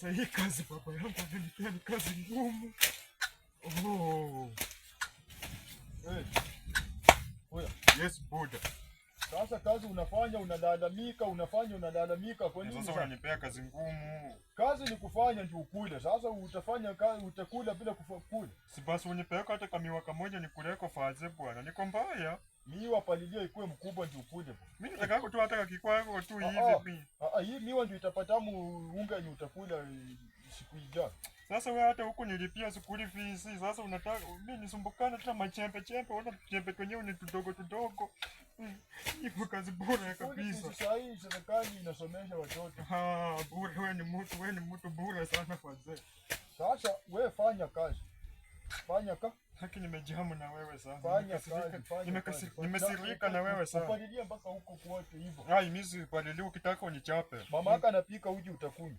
Sasa hii kazi baba yangu amenipea ni kazi ngumu. Oh. Hey. Oya. Yes, boda. Sasa kazi unafanya unalalamika, unafanya unalalamika kwa nini? Sasa unanipea kazi ngumu. Kazi ni kufanya ndio ukule. Sasa utafanya kazi utakula bila kufakula. Si basi unipea hata kamiwa kamoja nikuleko faze bwana. Niko mbaya. Miwa palilia ikuwe mkubwa ndio ukule. Mimi nataka yako tu hata ah, kakikwa yako tu hivi mimi. Ah. Ah, ah, hii miwa ndio itapata muunga ni utakula eh, siku ijayo. Sasa wewe hata huko nilipia sukuri fees. Sasa unataka mimi nisumbukane tena machembe chembe, ona chembe kwenye ni tudogo tudogo. Ipo kazi bora ya kabisa. Sasa hii serikali inasomesha watoto. Ah, bure wewe ni mtu, wewe ni mtu bure sana wazee. Sasa wewe fanya kazi. Fanya ka. Haki nimejihamu na wewe sana. Fanya kazi. Nimekasirika nimesirika na wewe sana. Upalilie mpaka huko kwote hivyo. Hai mimi sipalilii, ukitaka unichape. Mama yako anapika uji utakunywa.